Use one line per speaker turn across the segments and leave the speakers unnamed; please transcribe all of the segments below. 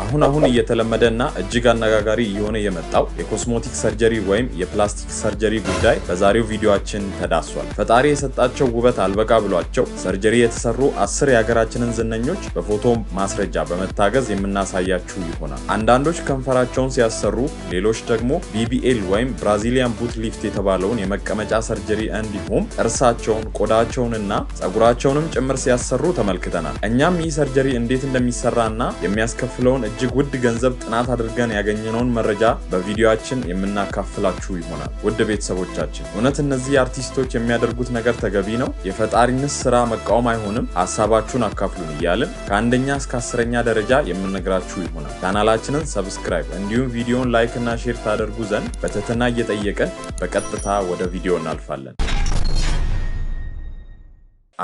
አሁን አሁን እየተለመደ እና እጅግ አነጋጋሪ እየሆነ የመጣው የኮስሞቲክ ሰርጀሪ ወይም የፕላስቲክ ሰርጀሪ ጉዳይ በዛሬው ቪዲዮአችን ተዳሷል። ፈጣሪ የሰጣቸው ውበት አልበቃ ብሏቸው ሰርጀሪ የተሰሩ አስር የሀገራችንን ዝነኞች በፎቶ ማስረጃ በመታገዝ የምናሳያችሁ ይሆናል። አንዳንዶች ከንፈራቸውን ሲያሰሩ፣ ሌሎች ደግሞ ቢቢኤል ወይም ብራዚሊያን ቡት ሊፍት የተባለውን የመቀመጫ ሰርጀሪ እንዲሁም ጥርሳቸውን፣ ቆዳቸውንና ጸጉራቸውንም ጭምር ሲያሰሩ ተመልክተናል። እኛም ይህ ሰርጀሪ እንዴት እንደሚሰራና የሚያስከፍለውን የሚለውን እጅግ ውድ ገንዘብ ጥናት አድርገን ያገኘነውን መረጃ በቪዲዮችን የምናካፍላችሁ ይሆናል። ውድ ቤተሰቦቻችን እውነት እነዚህ አርቲስቶች የሚያደርጉት ነገር ተገቢ ነው? የፈጣሪነት ስራ መቃወም አይሆንም? ሀሳባችሁን አካፍሉን እያልን ከአንደኛ እስከ አስረኛ ደረጃ የምንነግራችሁ ይሆናል። ቻናላችንን ሰብስክራይብ እንዲሁም ቪዲዮን ላይክ እና ሼር ታደርጉ ዘንድ በትህትና እየጠየቀን በቀጥታ ወደ ቪዲዮ እናልፋለን።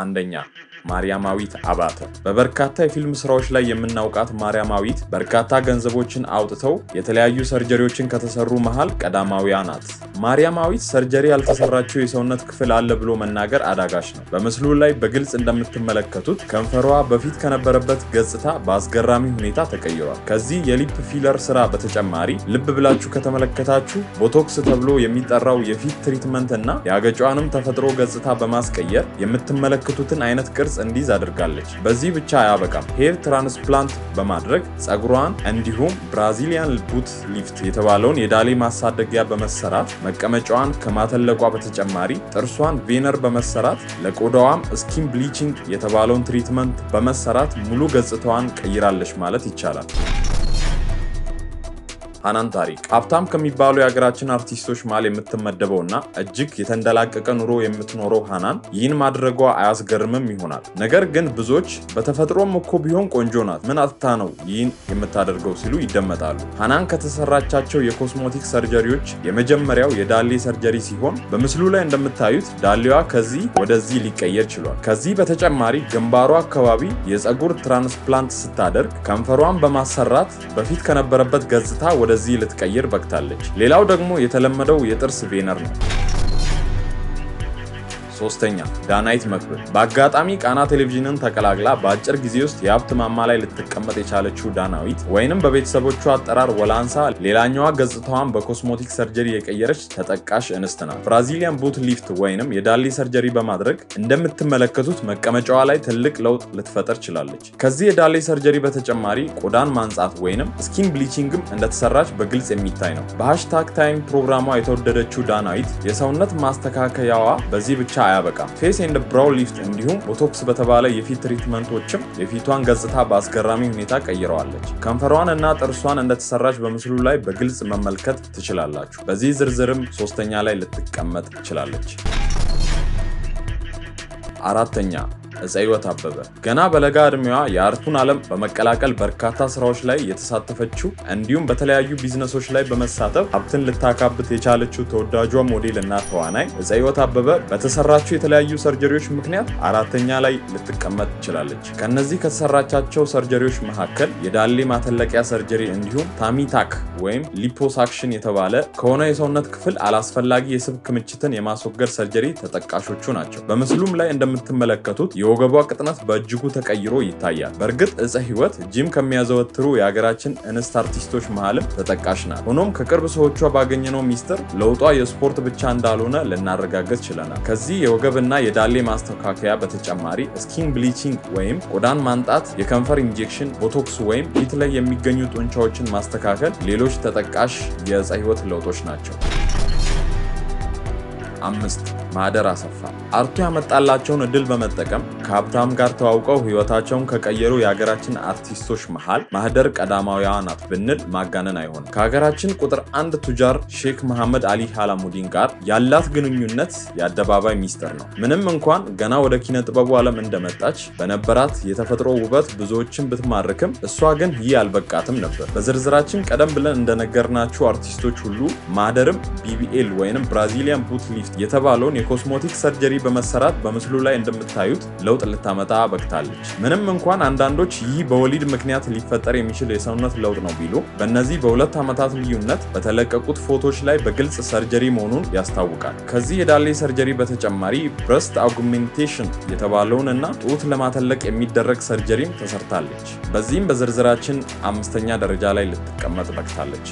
አንደኛ ማርያማዊት አባተ። በበርካታ የፊልም ስራዎች ላይ የምናውቃት ማርያማዊት በርካታ ገንዘቦችን አውጥተው የተለያዩ ሰርጀሪዎችን ከተሰሩ መሃል ቀዳማዊያ ናት። ማርያማዊት ሰርጀሪ ያልተሰራችው የሰውነት ክፍል አለ ብሎ መናገር አዳጋች ነው። በምስሉ ላይ በግልጽ እንደምትመለከቱት ከንፈሯ በፊት ከነበረበት ገጽታ በአስገራሚ ሁኔታ ተቀይሯል። ከዚህ የሊፕ ፊለር ስራ በተጨማሪ ልብ ብላችሁ ከተመለከታችሁ ቦቶክስ ተብሎ የሚጠራው የፊት ትሪትመንት እና የአገጯንም ተፈጥሮ ገጽታ በማስቀየር የምትመለከቱትን አይነት ቅርጽ ቅርጽ እንዲይዝ አድርጋለች። በዚህ ብቻ አያበቃም። ሄር ትራንስፕላንት በማድረግ ጸጉሯን እንዲሁም ብራዚሊያን ቡት ሊፍት የተባለውን የዳሌ ማሳደጊያ በመሰራት መቀመጫዋን ከማተለቋ በተጨማሪ ጥርሷን ቬነር በመሰራት ለቆዳዋም ስኪን ብሊችንግ የተባለውን ትሪትመንት በመሰራት ሙሉ ገጽታዋን ቀይራለች ማለት ይቻላል። ጣናን ታሪክ ሀብታም ከሚባሉ የሀገራችን አርቲስቶች መሃል እና እጅግ የተንደላቀቀ ኑሮ የምትኖረው ሃናን ይህን ማድረጓ አያስገርምም ይሆናል። ነገር ግን ብዙዎች በተፈጥሮም እኮ ቢሆን ቆንጆ ናት፣ ምን አጥታ ነው ይህን የምታደርገው ሲሉ ይደመጣሉ። ሃናን ከተሰራቻቸው የኮስሞቲክ ሰርጀሪዎች የመጀመሪያው የዳሌ ሰርጀሪ ሲሆን በምስሉ ላይ እንደምታዩት ዳሌዋ ከዚህ ወደዚህ ሊቀየር ችሏል። ከዚህ በተጨማሪ ግንባሯ አካባቢ የፀጉር ትራንስፕላንት ስታደርግ ከንፈሯን በማሰራት በፊት ከነበረበት ገጽታ ወደዚህ ልትቀይር በቅታለች። ሌላው ደግሞ የተለመደው የጥርስ ቬነር ነው። ሶስተኛ ዳናይት መክብር። በአጋጣሚ ቃና ቴሌቪዥንን ተቀላቅላ በአጭር ጊዜ ውስጥ የሀብት ማማ ላይ ልትቀመጥ የቻለችው ዳናዊት ወይንም በቤተሰቦቿ አጠራር ወላንሳ፣ ሌላኛዋ ገጽታዋን በኮስሞቲክ ሰርጀሪ የቀየረች ተጠቃሽ እንስት ናት። ብራዚሊያን ቡት ሊፍት ወይንም የዳሌ ሰርጀሪ በማድረግ እንደምትመለከቱት መቀመጫዋ ላይ ትልቅ ለውጥ ልትፈጠር ችላለች። ከዚህ የዳሌ ሰርጀሪ በተጨማሪ ቆዳን ማንጻት ወይንም ስኪን ብሊቺንግም እንደተሰራች በግልጽ የሚታይ ነው። በሃሽታግ ታይም ፕሮግራሟ የተወደደችው ዳናዊት የሰውነት ማስተካከያዋ በዚህ ብቻ አያበቃም። ፌስ ኤንድ ብራው ሊፍት እንዲሁም ቦቶክስ በተባለ የፊት ትሪትመንቶችም የፊቷን ገጽታ በአስገራሚ ሁኔታ ቀይረዋለች። ከንፈሯን እና ጥርሷን እንደተሰራች በምስሉ ላይ በግልጽ መመልከት ትችላላችሁ። በዚህ ዝርዝርም ሶስተኛ ላይ ልትቀመጥ ትችላለች። አራተኛ ዕፀ አበበ ገና በለጋ እድሜዋ የአርቱን ዓለም በመቀላቀል በርካታ ስራዎች ላይ የተሳተፈችው እንዲሁም በተለያዩ ቢዝነሶች ላይ በመሳተፍ ሀብትን ልታካብት የቻለችው ተወዳጇ ሞዴል እና ተዋናይ ዕፀ አበበ በተሰራችው የተለያዩ ሰርጀሪዎች ምክንያት አራተኛ ላይ ልትቀመጥ ትችላለች። ከእነዚህ ከተሰራቻቸው ሰርጀሪዎች መካከል የዳሌ ማተለቂያ ሰርጀሪ እንዲሁም ታሚታክ ወይም ሊፖሳክሽን የተባለ ከሆነ የሰውነት ክፍል አላስፈላጊ የስብ ክምችትን የማስወገድ ሰርጀሪ ተጠቃሾቹ ናቸው። በምስሉም ላይ እንደም እንደምትመለከቱት የወገቧ ቅጥነት በእጅጉ ተቀይሮ ይታያል። በእርግጥ እፀ ህይወት ጂም ከሚያዘወትሩ የሀገራችን እንስት አርቲስቶች መሀልም ተጠቃሽ ናት። ሆኖም ከቅርብ ሰዎቿ ባገኘነው ሚስጥር ለውጧ የስፖርት ብቻ እንዳልሆነ ልናረጋገጥ ችለናል። ከዚህ የወገብና የዳሌ ማስተካከያ በተጨማሪ ስኪን ብሊቺንግ ወይም ቆዳን ማንጣት፣ የከንፈር ኢንጀክሽን፣ ቦቶክስ ወይም ፊት ላይ የሚገኙ ጡንቻዎችን ማስተካከል ሌሎች ተጠቃሽ የእፀ ህይወት ለውጦች ናቸው። አምስት ማደር አሰፋ አርቱ ያመጣላቸውን እድል በመጠቀም ከሀብታም ጋር ተዋውቀው ህይወታቸውን ከቀየሩ የሀገራችን አርቲስቶች መሃል ማህደር ቀዳማዊዋ ናት ብንል ማጋነን አይሆንም። ከሀገራችን ቁጥር አንድ ቱጃር ሼክ መሐመድ አሊ አላሙዲን ጋር ያላት ግንኙነት የአደባባይ ሚስጥር ነው። ምንም እንኳን ገና ወደ ኪነ ጥበቡ ዓለም እንደመጣች በነበራት የተፈጥሮ ውበት ብዙዎችን ብትማርክም እሷ ግን ይህ አልበቃትም ነበር። በዝርዝራችን ቀደም ብለን እንደነገርናችሁ አርቲስቶች ሁሉ ማህደርም ቢቢኤል ወይም ብራዚሊያን ቡት ሊፍት የተባለውን የኮስሞቲክ ሰርጀሪ በመሰራት በምስሉ ላይ እንደምታዩት ለውጥ ልታመጣ በቅታለች። ምንም እንኳን አንዳንዶች ይህ በወሊድ ምክንያት ሊፈጠር የሚችል የሰውነት ለውጥ ነው ቢሉ፣ በእነዚህ በሁለት ዓመታት ልዩነት በተለቀቁት ፎቶች ላይ በግልጽ ሰርጀሪ መሆኑን ያስታውቃል። ከዚህ የዳሌ ሰርጀሪ በተጨማሪ ብረስት አውግሜንቴሽን የተባለውን እና ጡት ለማተለቅ የሚደረግ ሰርጀሪም ተሰርታለች። በዚህም በዝርዝራችን አምስተኛ ደረጃ ላይ ልትቀመጥ በቅታለች።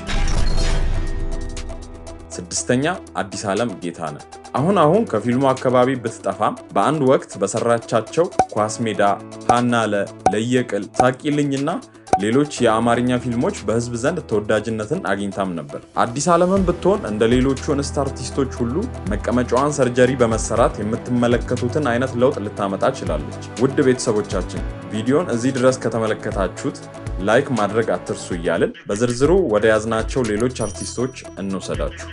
ስድስተኛ አዲስ ዓለም ጌታ ነህ። አሁን አሁን ከፊልሙ አካባቢ ብትጠፋም በአንድ ወቅት በሰራቻቸው ኳስ ሜዳ፣ ሀናለ፣ ለየቅል፣ ሳቂልኝና ሌሎች የአማርኛ ፊልሞች በህዝብ ዘንድ ተወዳጅነትን አግኝታም ነበር። አዲስ ዓለምን ብትሆን እንደ ሌሎቹ እንስት አርቲስቶች ሁሉ መቀመጫዋን ሰርጀሪ በመሰራት የምትመለከቱትን አይነት ለውጥ ልታመጣ ችላለች። ውድ ቤተሰቦቻችን ቪዲዮን እዚህ ድረስ ከተመለከታችሁት ላይክ ማድረግ አትርሱ እያልን በዝርዝሩ ወደ ያዝናቸው ሌሎች አርቲስቶች እንውሰዳችሁ።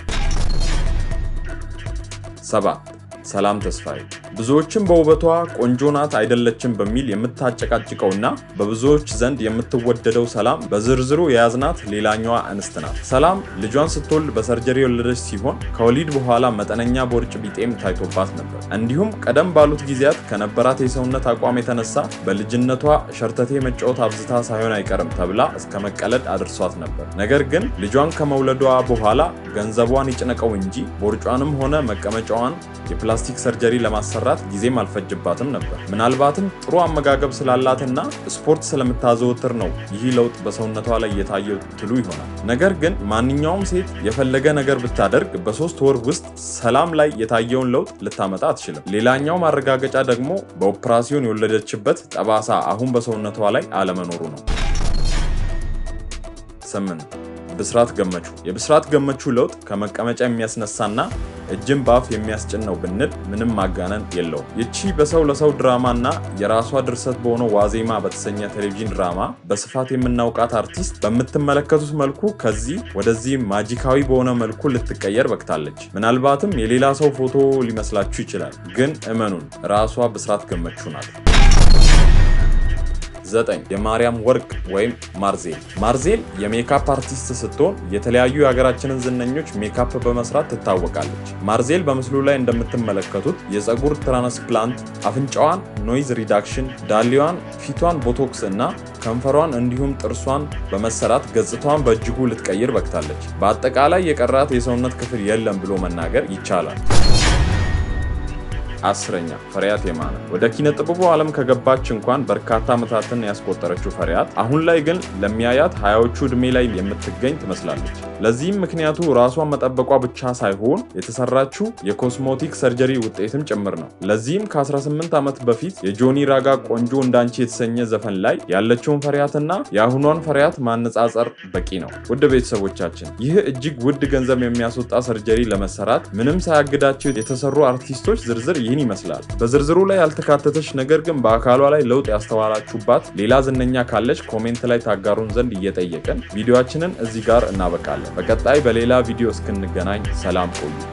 سبعة سلام تسفايد ብዙዎችን በውበቷ ቆንጆ ናት አይደለችም በሚል የምታጨቃጭቀውና በብዙዎች ዘንድ የምትወደደው ሰላም በዝርዝሩ የያዝናት ሌላኛዋ እንስት ናት። ሰላም ልጇን ስትወልድ በሰርጀሪ የወለደች ሲሆን ከወሊድ በኋላ መጠነኛ ቦርጭ ቢጤም ታይቶባት ነበር። እንዲሁም ቀደም ባሉት ጊዜያት ከነበራት የሰውነት አቋም የተነሳ በልጅነቷ ሸርተቴ መጫወት አብዝታ ሳይሆን አይቀርም ተብላ እስከ መቀለድ አድርሷት ነበር። ነገር ግን ልጇን ከመውለዷ በኋላ ገንዘቧን ይጭነቀው እንጂ ቦርጯንም ሆነ መቀመጫዋን የፕላስቲክ ሰርጀሪ ለማሰራ ለማሰራት ጊዜም አልፈጅባትም ነበር። ምናልባትም ጥሩ አመጋገብ ስላላትና ስፖርት ስለምታዘወትር ነው ይህ ለውጥ በሰውነቷ ላይ የታየው ትሉ ይሆናል። ነገር ግን ማንኛውም ሴት የፈለገ ነገር ብታደርግ በሶስት ወር ውስጥ ሰላም ላይ የታየውን ለውጥ ልታመጣ አትችልም። ሌላኛው ማረጋገጫ ደግሞ በኦፕራሲዮን የወለደችበት ጠባሳ አሁን በሰውነቷ ላይ አለመኖሩ ነው። ስምንት ብስራት ገመቹ የብስራት ገመቹ ለውጥ ከመቀመጫ የሚያስነሳና እጅን በአፍ የሚያስጭን ነው ብንል ምንም ማጋነን የለውም። ይቺ በሰው ለሰው ድራማና የራሷ ድርሰት በሆነው ዋዜማ በተሰኘ ቴሌቪዥን ድራማ በስፋት የምናውቃት አርቲስት በምትመለከቱት መልኩ ከዚህ ወደዚህ ማጂካዊ በሆነ መልኩ ልትቀየር በቅታለች። ምናልባትም የሌላ ሰው ፎቶ ሊመስላችሁ ይችላል፣ ግን እመኑን ራሷ ብስራት ገመቹ ናት። 9 የማርያም ወርቅ ወይም ማርዜል ማርዜል የሜካፕ አርቲስት ስትሆን የተለያዩ የሀገራችንን ዝነኞች ሜካፕ በመስራት ትታወቃለች። ማርዜል በምስሉ ላይ እንደምትመለከቱት የፀጉር ትራንስፕላንት፣ አፍንጫዋን ኖይዝ ሪዳክሽን፣ ዳሌዋን፣ ፊቷን ቦቶክስ እና ከንፈሯን እንዲሁም ጥርሷን በመሰራት ገጽታዋን በእጅጉ ልትቀይር በቅታለች። በአጠቃላይ የቀራት የሰውነት ክፍል የለም ብሎ መናገር ይቻላል። አስረኛ ፈሪያት የማነ ወደ ኪነ ጥበቡ ዓለም ከገባች እንኳን በርካታ ዓመታትን ያስቆጠረችው ፈሪያት አሁን ላይ ግን ለሚያያት ሀያዎቹ ዕድሜ ላይ የምትገኝ ትመስላለች። ለዚህም ምክንያቱ ራሷን መጠበቋ ብቻ ሳይሆን የተሰራችው የኮስሞቲክ ሰርጀሪ ውጤትም ጭምር ነው። ለዚህም ከ18 ዓመት በፊት የጆኒ ራጋ ቆንጆ እንዳንቺ የተሰኘ ዘፈን ላይ ያለችውን ፈሪያትና የአሁኗን ፈሪያት ማነጻጸር በቂ ነው። ውድ ቤተሰቦቻችን ይህ እጅግ ውድ ገንዘብ የሚያስወጣ ሰርጀሪ ለመሰራት ምንም ሳያግዳቸው የተሰሩ አርቲስቶች ዝርዝር ይህን ይመስላል። በዝርዝሩ ላይ ያልተካተተች ነገር ግን በአካሏ ላይ ለውጥ ያስተዋላችሁባት ሌላ ዝነኛ ካለች ኮሜንት ላይ ታጋሩን ዘንድ እየጠየቅን ቪዲዮችንን እዚህ ጋር እናበቃለን። በቀጣይ በሌላ ቪዲዮ እስክንገናኝ ሰላም ቆዩ።